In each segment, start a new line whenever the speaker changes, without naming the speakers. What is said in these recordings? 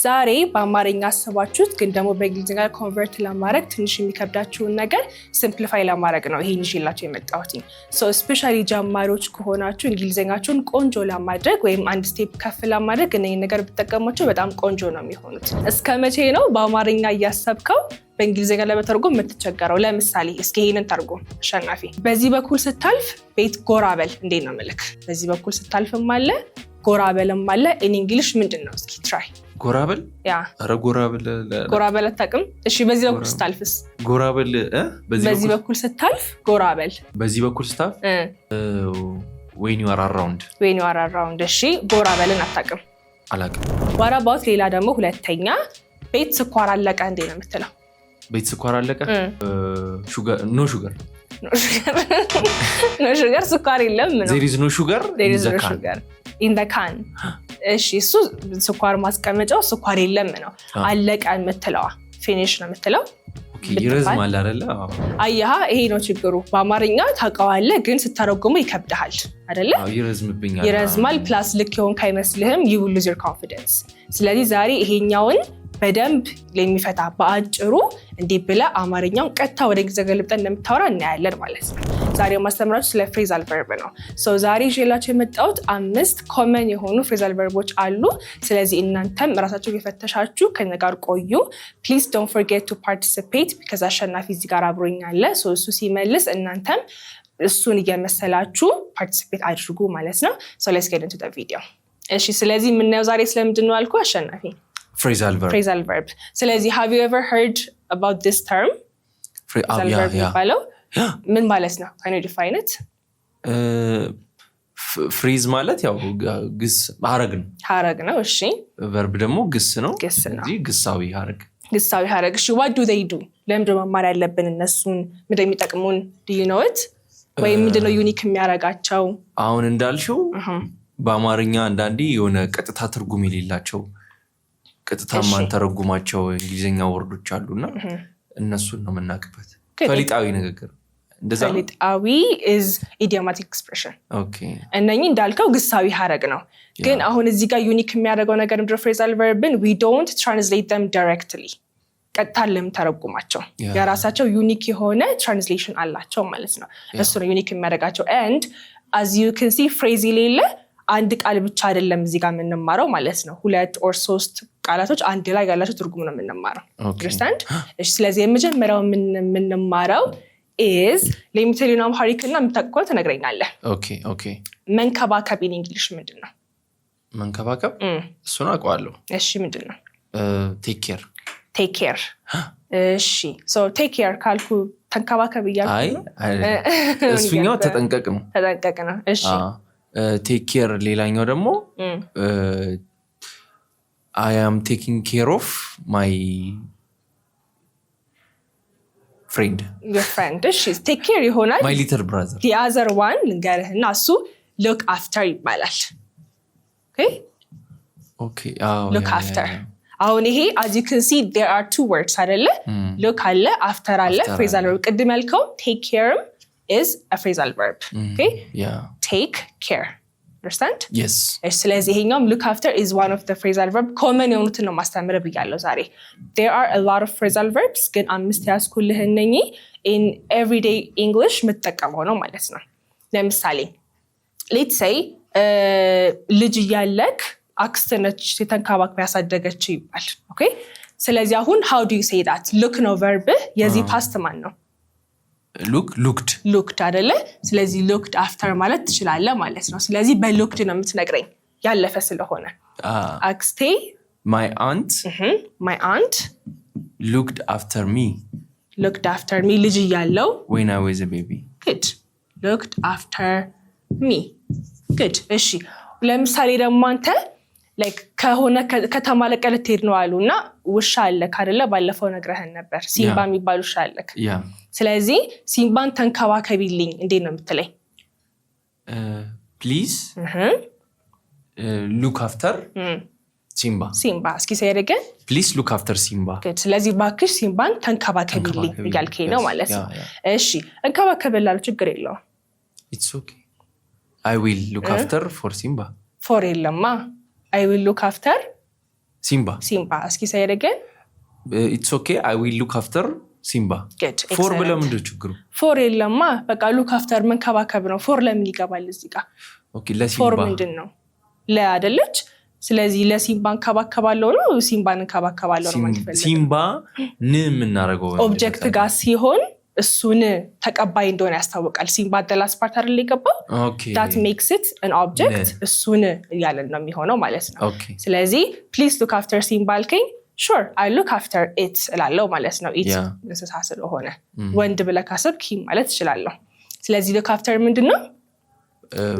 ዛሬ በአማርኛ አስባችሁት ግን ደግሞ በእንግሊዝኛ ኮንቨርት ለማድረግ ትንሽ የሚከብዳችሁን ነገር ሲምፕሊፋይ ለማድረግ ነው ይሄን ይዤላችሁ የመጣሁት። ስፔሻሊ ጀማሪዎች ከሆናችሁ እንግሊዝኛችሁን ቆንጆ ለማድረግ ወይም አንድ ስቴፕ ከፍ ለማድረግ እነ ነገር ብጠቀሟቸው በጣም ቆንጆ ነው የሚሆኑት። እስከ መቼ ነው በአማርኛ እያሰብከው በእንግሊዝኛ ለመተርጎም የምትቸገረው? ለምሳሌ እስኪ ይሄንን ተርጎም አሸናፊ። በዚህ በኩል ስታልፍ ቤት ጎራ በል እንዴት ነው ምልክ። በዚህ በኩል ስታልፍም አለ ጎራ በልም አለ። ኢን እንግሊሽ ምንድን ነው? እስኪ ትራይ
ጎራበል ኧረ ጎራበል
ጎራበል አታውቅም? እሺ፣ በዚህ በኩል ስታልፍስ? ጎራበል በዚህ በኩል ስታልፍ ጎራበል
በዚህ በኩል ስታልፍ ወይኒ ዋር አራውንድ
ወይኒ ዋር አራውንድ። እሺ፣ ጎራበልን አታውቅም? አላውቅም። ዋራባውት ሌላ ደግሞ ሁለተኛ ቤት ስኳር አለቀ እንዴ ነው የምትለው?
ቤት ስኳር አለቀ ኖ ሹገር
ኖ ሹገር ስኳር የለም
ነው ኖ ሹገር
ኢን ዘ ካን እሺ እሱ ስኳር ማስቀመጫው ስኳር የለም ነው አለቀ የምትለዋ ፊኒሽ ነው የምትለው
ይረዝማል አለ
አያ ይሄ ነው ችግሩ። በአማርኛ ታቀዋለ ግን ስተረጉሙ ይከብድሃል አይደለ?
ይረዝምብኛል፣
ይረዝማል። ፕላስ ልክ የሆን አይመስልህም። ዩ ሉዝ ዮር ኮንፊደንስ። ስለዚህ ዛሬ ይሄኛውን በደንብ የሚፈታ በአጭሩ እንዲህ ብለ አማርኛውን ቀጥታ ወደ ጊዜ ገልብጠ እንደምታወራ እናያለን ማለት ነው። ዛሬ ማስተምራችሁ ስለ ፍሬዛል ቨርብ ነው። ዛሬ ይዤላችሁ የመጣሁት አምስት ኮመን የሆኑ ፍሬዛል ቨርቦች አሉ። ስለዚህ እናንተም ራሳቸው የፈተሻችሁ ከኛ ጋር ቆዩ። ፕሊስ ዶንት ፎርጌት ቱ ፓርቲሲፔት ቢካዝ አሸናፊ እዚህ ጋር አብሮኛለ። እሱ ሲመልስ እናንተም እሱን እየመሰላችሁ ፓርቲሲፔት አድርጉ ማለት ነው። ሌትስ ጌት ኢንቱ ዘ ቪዲዮ። እሺ፣ ስለዚህ የምናየው ዛሬ ስለምንድን ነው አልኩ አሸናፊ
ፍሬዛል
ቨርብ። ስለዚህ ሃቭ ዩ ኤቨር ሄርድ አባውት ዲስ ተርም ፍሬዛል ምን ማለት ነው? ካኖዲፋ አይነት
ፍሪዝ ማለት ያው ግስ ሀረግ ነው
ሀረግ ነው። እሺ
ቨርብ ደግሞ ግስ ነው። ግሳዊ ሀረግ
ግሳዊ ሀረግ። እሺ ዋት ዱ ዘይ ዱ ለምንድን መማር ያለብን እነሱን ምንድን የሚጠቅሙን ድዩነወት ወይም ምንድነው ዩኒክ uh, የሚያረጋቸው?
አሁን እንዳልሽው በአማርኛ አንዳንዴ የሆነ ቀጥታ ትርጉም የሌላቸው ቀጥታ ማንተረጉማቸው እንግሊዝኛ ወርዶች አሉና እነሱን ነው የምናውቅበት። ፈሊጣዊ ንግግር
ፈሊጣዊ ኢዝ ኢዲዮማቲክ ኤክስፕሬሽን። እነኚህ እንዳልከው ግሳዊ ሀረግ ነው። ግን አሁን እዚህ ጋር ዩኒክ የሚያደርገው ነገር ምድረ ፍሬዛል ቨርብን ዊ ዶንት ትራንስሌት ደም ዳይሬክትሊ ቀጥታ ለምተረጉማቸው የራሳቸው ዩኒክ የሆነ ትራንስሌሽን አላቸው ማለት ነው። እሱ ነው ዩኒክ የሚያደርጋቸው። ንድ አዝ ዩ ክን ሲ ፍሬዝ የሌለ አንድ ቃል ብቻ አይደለም እዚህ ጋር የምንማረው ማለት ነው። ሁለት ኦር ሶስት ቃላቶች አንድ ላይ ያላቸው ትርጉም ነው የምንማረው። ስለዚህ የመጀመሪያው የምንማረው ኢዝ ሌሚቴሊን አምሃሪክ እና የምታውቀው መንከባከብ ኢን እንግሊሽ ምንድን ነው?
መንከባከብ እሱን አውቀዋለሁ። እሺ፣ ምንድን ነው? ቴክ
ኬር እሺ፣ ቴክ ካልኩ ተንከባከብ እያልኩ
ነው። እሱኛው ተጠንቀቅ ነው።
ተጠንቀቅ ነው። እሺ
ቴክ ኬር ሌላኛው ደግሞ አያም ቴኪንግ ኬር ኦፍ ማይ ፍሬንድ
ፍሬንድ ይሆናል። ማይ ሊትል ብራዘር ዋን ልንገርህ እና እሱ ሎክ አፍተር ይባላል። ሎክ አፍተር አሁን ይሄ አዚ ቱ ወርድስ ሎክ አለ አፍተር አለ ቅድም ያልከው ቴክ ኬርም ኢዝ አ ፍሬዛል ቨርብ ኦኬ ቴክ ኬር አንደርስታንድ ስለዚህ ይሄኛውም ሉክ አፍተር ኢዝ ዋን ኦፍ ፍሬዛል ቨርብ ኮመን የሆኑትን ነው ማስተምር ብያለሁ ዛሬ ዜር አር ሎት ኦፍ ፍሬዛል ቨርብስ ግን አምስት ያዝኩልህ እነኚህ ኢን ኤቭሪዴይ ኢንግሊሽ የምትጠቀመው ነው ማለት ነው ለምሳሌ ሌት ሰይ ልጅ እያለክ አክስት ነች የተንከባክባ ያሳደገችው ይባል ኦኬ ስለዚህ አሁን ሃው ዱ ዩ ሴይ ዳት ሉክ ነው ቨርብህ የዚህ ፓስት ማን ነው ሉክድ ሉክድ አይደለ? ስለዚህ ሉክድ አፍተር ማለት ትችላለ ማለት ነው። ስለዚህ በሉክድ ነው የምትነግረኝ ያለፈ ስለሆነ። አክስቴ ማይ አንት ማይ አንት
ሉክድ አፍተር ሚ
ሉክድ አፍተር ሚ ልጅ እያለው
ወይና ወይዘ ቤቢ
ግድ ሉክድ አፍተር ሚ ግድ። እሺ ለምሳሌ ደግሞ አንተ ከሆነ ከተማ ለቀ ልትሄድ ነው አሉ እና ውሻ አለክ አደለ ባለፈው ነግረህን ነበር ሲምባ የሚባል ውሻ አለክ። ስለዚህ ሲምባን ተንከባከቢልኝ እንዴት ነው የምትለኝ?
ፕሊዝ ሉክ አፍተር ሲምባ
ሲምባ። እስኪ ሳይደገን
ፕሊስ ሉክ አፍተር ሲምባ።
ስለዚህ ባክሽ ሲምባን ተንከባከቢልኝ እያልከኝ ነው ማለት ነው። እሺ እንከባከብላሉ ችግር የለውም።
ኢትስ አይ ዊል ሉክ አፍተር ፎር ሲምባ።
ፎር የለማ አይ ዊል ሉክ አፍተር Simba. Simba. እስኪ ሳይደገን
ኢትስ ኦኬ አይ ዊል ሉክ አፍተር ሲምባ ፎር ብለህ ምንድን ነው ችግሩ?
ፎር የለማ በቃ ሉክ አፍተር መንከባከብ ነው። ፎር ለምን ይገባል እዚህ ጋር? ፎር ምንድን ነው ለ ስለዚህ ለሲምባ እንከባከባለው ነው ሲምባን እንከባከባለው ነው
ሲምባ ን የምናደርገው
ኦብጀክት ጋር ሲሆን እሱን ተቀባይ እንደሆነ ያስታውቃል። ሲንባደላስ ፓርት አይደል የገባው ዳት ሜክስ ኢት አን ኦብጀክት እሱን እያለን ነው የሚሆነው ማለት ነው። ስለዚህ ፕሊስ ሉክ አፍተር ሲምባልከኝ ሹር አይ ሉክ አፍተር ኢት እላለው ማለት ነው። ኢት እንስሳ ስለሆነ mm. ወንድ ብለህ ካሰብክ ማለት እችላለሁ። ስለዚህ ሉክ አፍተር ምንድን ነው?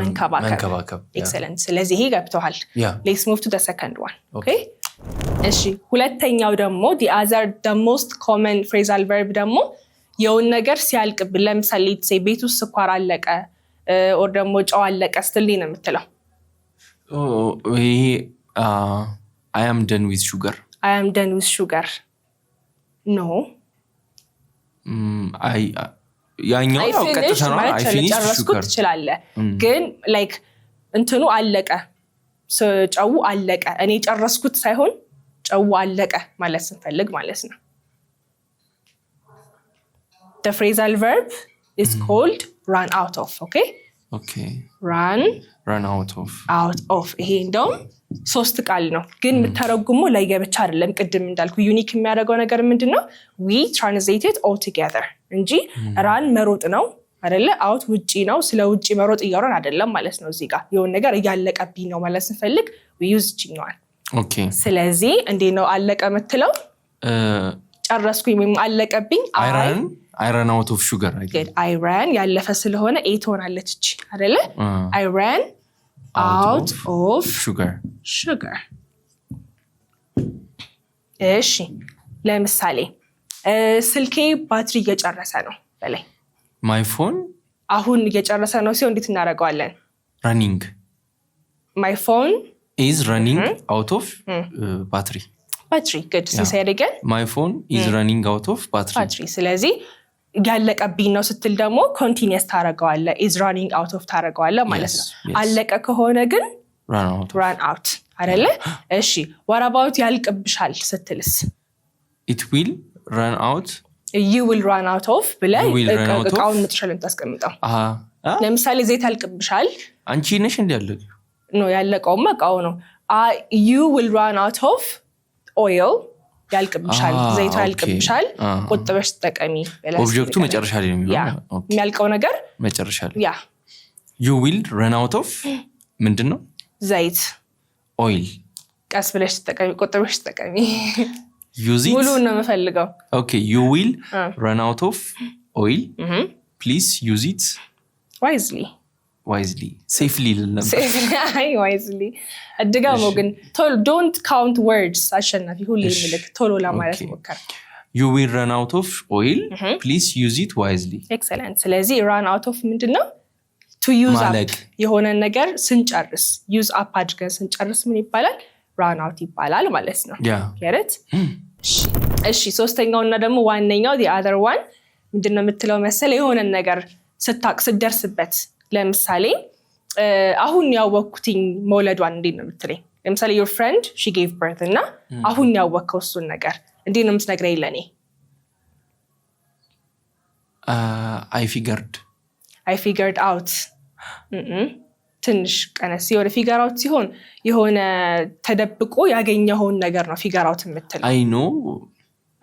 መንከባከብ። ኤክሰለንት። ስለዚህ ይሄ ገብተዋል። ሌትስ ሙቭ ቱ ሰከንድ ዋን። እሺ። ሁለተኛው ደግሞ ዲ ደ ሞስት ኮመን ፍሬዛል ቨርብ ደግሞ የውን ነገር ሲያልቅብን ለምሳሌ ሴ ቤት ውስጥ ስኳር አለቀ ኦር ደግሞ ጨው አለቀ ስትል ነው የምትለው።
ይሄ አይ አም ደን ዊዝ ሹገር
አይ ደን ዊዝ ሹገር ኖ ያኛው ያው ቀጥታ ግን ላይክ እንትኑ አለቀ ጨው አለቀ እኔ ጨረስኩት ሳይሆን ጨው አለቀ ማለት ስንፈልግ ማለት ነው። the phrasal verb is mm. called run out of okay okay run run out of out of ይሄ እንደውም ሶስት ቃል ነው ግን mm. የምተረጉሞ ብቻ አይደለም። ቅድም እንዳልኩ ዩኒክ የሚያደርገው ነገር ምንድን ነው? ዊ ትራንስሌትድ ኦል ቱጌዘር እንጂ mm. ራን መሮጥ ነው አይደለ? አውት ውጪ ነው። ስለ ውጪ መሮጥ እያወራን አይደለም ማለት ነው። እዚህ ጋር የሆነ ነገር እያለቀብኝ ነው ማለት ስንፈልግ ዩዝ ይችኛዋል። ስለዚህ እንዴ ነው አለቀ የምትለው ጨረስኩኝ ወይም አለቀብኝ
አይ አይረን አውት ኦፍ ሹገር
አይረን ያለፈ ስለሆነ ኤ ትሆናለች እች አደለ? አይረን አውት ኦፍ ሹገር። እሺ ለምሳሌ ስልኬ ባትሪ እየጨረሰ ነው በላይ ማይ አሁን እየጨረሰ ነው ሲሆን እንዴት እናደርገዋለን? ረኒንግ ማይ ፎን
ኢዝ ረኒንግ አውት ኦፍ ባትሪ
ባትሪ ግድ ሲሳይ አደገን
ማይ ኢዝ ረኒንግ አውት ኦፍ ባትሪ።
ስለዚህ ያለቀብኝ ነው ስትል ደግሞ ኮንቲኒስ ታደረገዋለ ኢዝ ራኒንግ አውት ኦፍ ታደረገዋለ ማለት ነው። አለቀ ከሆነ ግን ራን አውት አደለ? እሺ ወራባውት ያልቅብሻል ስትልስ
ኢት ዊል ራን አውት
ዩ ዊል ራን አውት ኦፍ ብለ
እቃውን
ምጥሻል የምታስቀምጠው። ለምሳሌ ዘይት ያልቅብሻል
አንቺ ነሽ እንዲ ያለ
ነው ያለቀውማ እቃው ነው። ዩ ዊል ራን አውት ኦፍ ኦይል ያልቅብሻል፣ ዘይቱ ያልቅብሻል፣ ቆጥበሽ ተጠቀሚ።
ኦብጀክቱ መጨረሻ ላይ
ነው የሚያልቀው ነገር መጨረሻ ላይ ያ
ዩ ዊል ረን ኦፍ ምንድን ነው ዘይት ኦይል።
ቀስ ብለሽ ተጠቀሚ፣ ቆጥበሽ ተጠቀሚ። ሙሉ ነው የምፈልገው።
ዩ ዊል ረን ኦፍ ኦይል ፕሊዝ ዩዚት ዋይዝሊ ዋይዝሊ ሴፍሊ ልል
ነበር። ግን ዶንት ካውንት ወርድስ አሸናፊ ሁሌ ምልክ ቶሎ ለማለት ሞከር።
ዩ ዊል ረን አውት ኦፍ ኦይል ፕሊዝ ዩዝ ኢት ዋይዝሊ።
ኤክሰለንት። ስለዚህ ራን አውት ኦፍ ምንድን ነው? ቱ ዩዝ አፕ የሆነን ነገር ስንጨርስ ዩዝ አፕ አድርገን ስንጨርስ ምን ይባላል? ራን አውት ይባላል ማለት ነው። ያረት እሺ። ሶስተኛውና ደግሞ ዋነኛው አዘር ዋን ምንድነው የምትለው መሰለ የሆነን ነገር ስታቅ ስትደርስበት ለምሳሌ አሁን ያወቅኩትኝ መውለዷን እንዴት ነው የምትለኝ? ለምሳሌ ዮር ፍሬንድ ሺ ጌቭ በርት እና አሁን ያወቅከው እሱን ነገር እንዴት ነው የምትነግረ ይለኔ አይ ፊገርድ አይ ፊገርድ አውት ትንሽ ቀነስ የሆነ ፊገር አውት ሲሆን የሆነ ተደብቆ ያገኘኸውን ነገር ነው ፊገር አውት የምትል አይኖ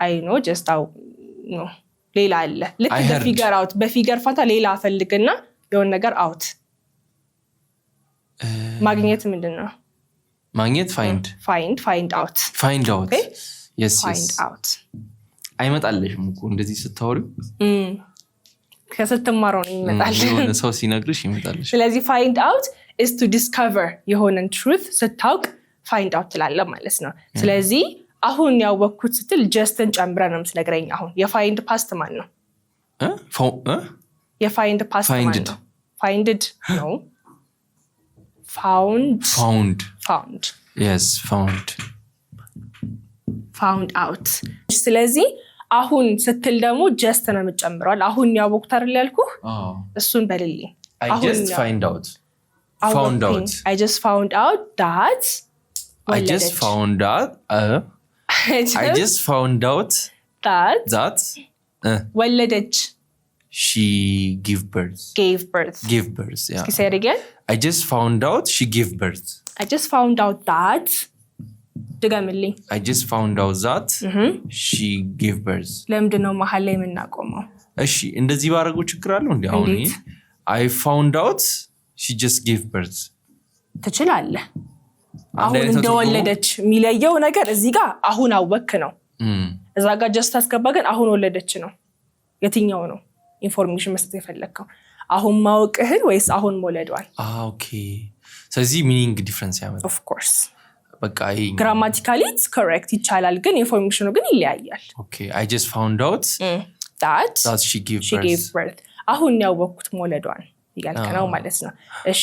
አይኖ አይ ጀስት ሌላ አለ። ልክ በፊገር አውት በፊገር ፋታ ሌላ ፈልግና የሆነ ነገር አውት ማግኘት ምንድን ነው?
ማግኘት ፋይንድ
ፋይንድ ፋይንድ አውት
ፋይንድ አውት ፋይንድ አውት አይመጣለሽም እኮ እንደዚህ ስታወሪ
ከስትማረው ነው
ይመጣል። ሰው ሲነግርሽ ይመጣለሽ።
ስለዚህ ፋይንድ አውት ስ ቱ ዲስከቨር የሆነን ትሩት ስታውቅ ፋይንድ አውት ትላለ ማለት ነው። ስለዚህ አሁን ያወቅኩት ስትል ጀስትን ጨምረ ነው የምትነግረኝ። አሁን የፋይንድ ፓስት ማን ነው? የፋይንድ ፓስት ማን ነው? ፋይንድድ ነው። ፋውንድ ፋውንድ ፋውንድ
የስ ፋውንድ
ፋውንድ አውት። ስለዚህ አሁን ስትል ደግሞ ጀስት ነው የምጨምረዋል። አሁን ያው ቦክተር ሊያልኩህ እሱን በልልኝ። አይ ጀስት ፋውንድ አውት ዳት ወለደች
she gave birth. Gave birth. Give birth. Yeah. Can you say it again? I just found out she gave birth.
I just found out that. ድገምልኝ።
I just found out that she gave birth.
ለምንድን ነው መሀል ላይ የምናቆመው?
እሺ እንደዚህ ባረጉ ችግር አለው እንዲ አሁን I found out she just gave birth.
ትችላለህ። አሁን እንደወለደች የሚለየው ነገር እዚህ ጋር አሁን አወክ ነው። እዛ ጋር ጀስት አስገባ፣ ግን አሁን ወለደች ነው። የትኛው ነው? ኢንፎርሜሽን መስጠት የፈለግከው አሁን ማወቅህን ወይስ አሁን ሞለዷል
ስለዚህ ሚኒንግ ዲፍረንስ ያመጣል። ኦፍኮርስ በቃ
ግራማቲካሊ ኮሬክት ይቻላል፣ ግን ኢንፎርሜሽኑ ግን ይለያያል። አሁን ያወቅኩት ሞለዷን እያልከ ነው ማለት ነው። እሺ፣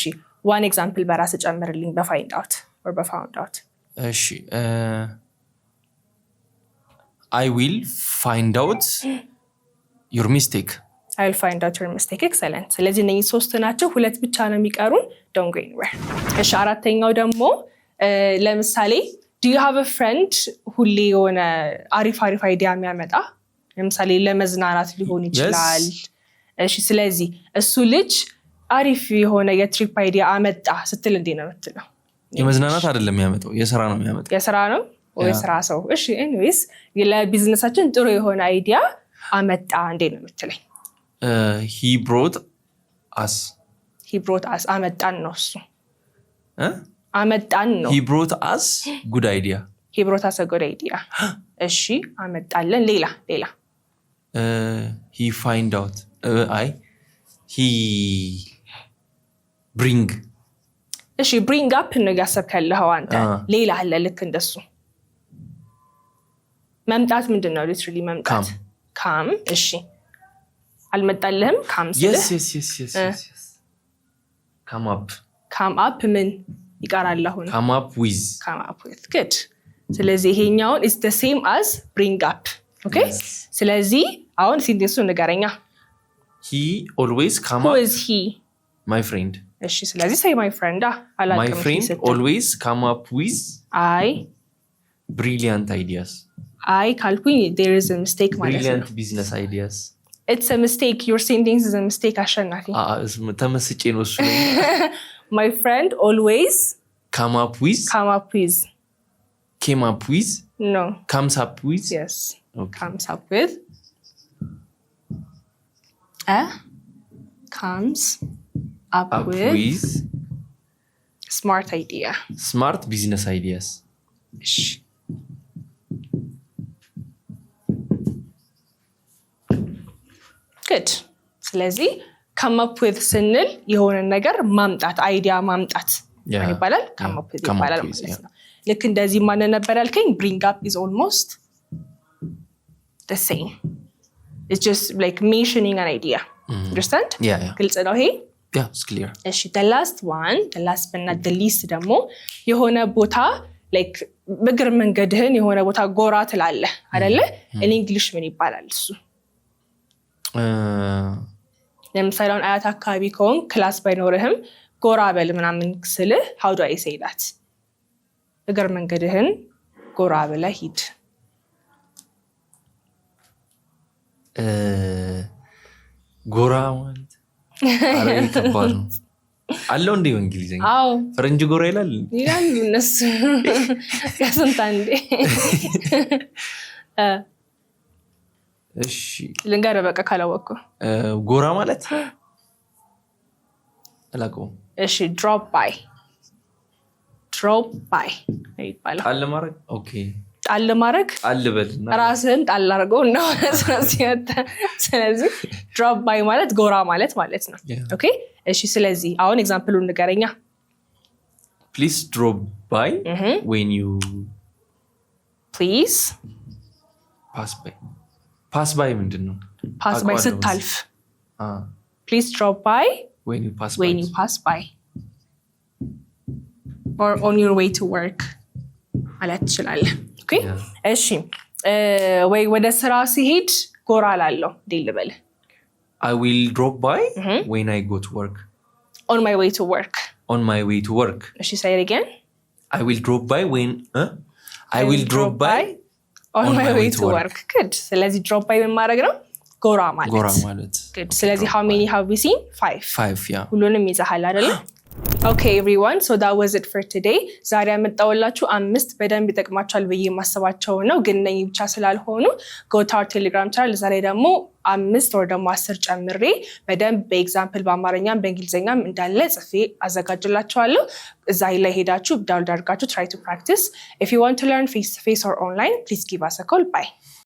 ዋን ኤግዛምፕል በራስ ጨምርልኝ በፋይንድ አውት ኦር በፋውንድ አውት።
እሺ፣ አይ ዊል ፋይንድ አውት ዩር ሚስቴክ
አይል ፋይንድ አውት ዩር ሚስቴክ ኤክሰለንት። ስለዚህ እነዚህ ሶስት ናቸው፣ ሁለት ብቻ ነው የሚቀሩን። ዶንት ጎ ኤኒዌር። እሺ አራተኛው ደግሞ ለምሳሌ ዱ ዩ ሃቭ አ ፍሬንድ ሁሌ የሆነ አሪፍ አሪፍ አይዲያ የሚያመጣ ለምሳሌ ለመዝናናት ሊሆን ይችላል። እሺ ስለዚህ እሱ ልጅ አሪፍ የሆነ የትሪፕ አይዲያ አመጣ ስትል እንዴ ነው የምትለው?
የመዝናናት አይደለም የሚያመጣው የስራ ነው የሚያመጣው
የስራ ነው ወይ ስራ ሰው። እሺ ኤኒዌይስ ለቢዝነሳችን ጥሩ የሆነ አይዲያ አመጣ እንዴ ነው የምትለኝ?
ሂብሮት አስ
ሂብሮት አስ አመጣን ነው እሱ አመጣን
ነው። ሂብሮት አስ ጉድ አይዲያ
ሂብሮት አስ ጉድ አይዲያ። እሺ አመጣለን። ሌላ ሌላ
ሂ ፋይንድ አውት አይ ሂ ብሪንግ
እሺ ብሪንግ አፕ ነው እያሰብክ ያለኸው አንተ። ሌላ አለ ልክ እንደሱ መምጣት ምንድን ነው? ሊትራሊ መምጣት ካም። እሺ አልመጣልህም ካም አፕ ምን ይቀራል? አሁን
ካምፕ ዊዝ
ካምፕ ዊዝ ግድ። ስለዚህ ይሄኛውን ኢዝ ሴም አዝ ብሪንግ አፕ ኦኬ። ስለዚህ አሁን ሲንቴንሱ ንገረኛ።
ሂ ኦልዌይዝ ካም አፕ ዊዝ ሂ ማይ ፍሬንድ።
እሺ፣ ስለዚህ ሳይ ማይ ፍሬንድ
አላቅም። ማይ ፍሬንድ ኦልዌይዝ ካም አፕ ዊዝ አይ ብሪሊያንት አይዲያስ።
አይ ካልኩኝ ዜር ኢዝ አ ሚስቴክ
ማለት ነው። ብሪሊያንት ቢዝነስ አይዲያስ
it's a mistake. You're saying sentence is a mistake. I shouldn't have been. My friend always
come up with
come up with
came up with no comes up with yes okay.
comes up with eh comes up, with smart idea
smart business ideas.
Shh. ፊት። ስለዚህ ከማፕ ስንል የሆነን ነገር ማምጣት አይዲያ ማምጣት ይባላል፣ ከማፕ ዊዝ
ይባላል ነው።
ልክ እንደዚህ ማን ነበር ያልከኝ? ብሪንግ አፕ ኢዝ ኦልሞስት ግልጽ ነው ይሄ? እሺ ሊስት ደግሞ የሆነ ቦታ ላይክ በእግር መንገድህን የሆነ ቦታ ጎራ ትላለህ አይደለ? ኢንግሊሽ mm-hmm. ምን ይባላል እሱ? ለምሳሌ አሁን አያት አካባቢ ከሆን ክላስ ባይኖርህም ጎራ በል ምናምን ስልህ ሀውዱ አይሴ እግር መንገድህን ጎራ ብለህ ሂድ።
ጎራ ማለት ነው አለው እንዲ እንግሊዝኛ ፈረንጅ ጎራ ይላል
ይላሉ እነሱ ከስንት አንዴ እሺ ልንገርህ፣ በቃ ካላወቅኩ
ጎራ ማለት አላውቀውም።
እሺ ድሮፕ ባይ ድሮፕ ባይ
ይባላል። ጣል ማድረግ
ጣል ማድረግ ራስህን ጣል አድርገው ስለዚህ ድሮፕ ባይ ማለት ጎራ ማለት ማለት ነው። ኦኬ እሺ፣ ስለዚህ አሁን ኤግዛምፕሉ ንገረኛ
ፕሊስ ድሮፕ ባይ ዩ
ፓስ
ባይ ፓስ ባይ ምንድን ነው?
ፓስ ባይ ስታልፍ ፕሊዝ ድሮፕ ባይ ዌን ፓስ ባይ ኦር ኦን ዩር ቱ ወርክ ማለት ትችላለ እሺ ወይ ወደ ስራ ሲሄድ ጎራ ላለው ዴል
አይ ዊል ድሮፕ ባይ አይ ጎ ቱ ወርክ
ኦን ማይ ቱ ወርክ
ኦን ማይ ቱ ወርክ። እሺ አይ ዊል ድሮፕ ባይ አይ ዊል ድሮፕ ባይ
ኦን ማይ ዌይ ቱ ወርክ ግድ። ስለዚህ ድሮፕ ባይ ምን ነው? ጎራ
ማለት።
ስለዚህ ሃው ሜኒ ሃቭ ዩ ሲን? ፋይቭ። ሁሉንም ይዘሃል አይደለም? ኦኬ ኤቭሪዋን ሶ ዳ ወዝ ኢት ፎር ቱዴይ። ዛሬ ያመጣሁላችሁ አምስት በደንብ ይጠቅማቸዋል ብዬ የማስባቸው ነው፣ ግን እነኚህ ብቻ ስላልሆኑ ጎታር ቴሌግራም ቻናል ዛሬ ደግሞ አምስት ወር ደግሞ አስር ጨምሬ በደንብ በኤግዛምፕል በአማርኛም በእንግሊዝኛም እንዳለ ጽፌ አዘጋጅላችኋለሁ። እዛ ላይ ሄዳችሁ ዳውንሎድ አድርጋችሁ ትራይ ቱ ፕራክቲስ ኢፍ ዩ ዋንት ቱ ለርን ፌስ ኦር ኦንላይን ፕሊዝ ጊቭ አስ ኮል ባይ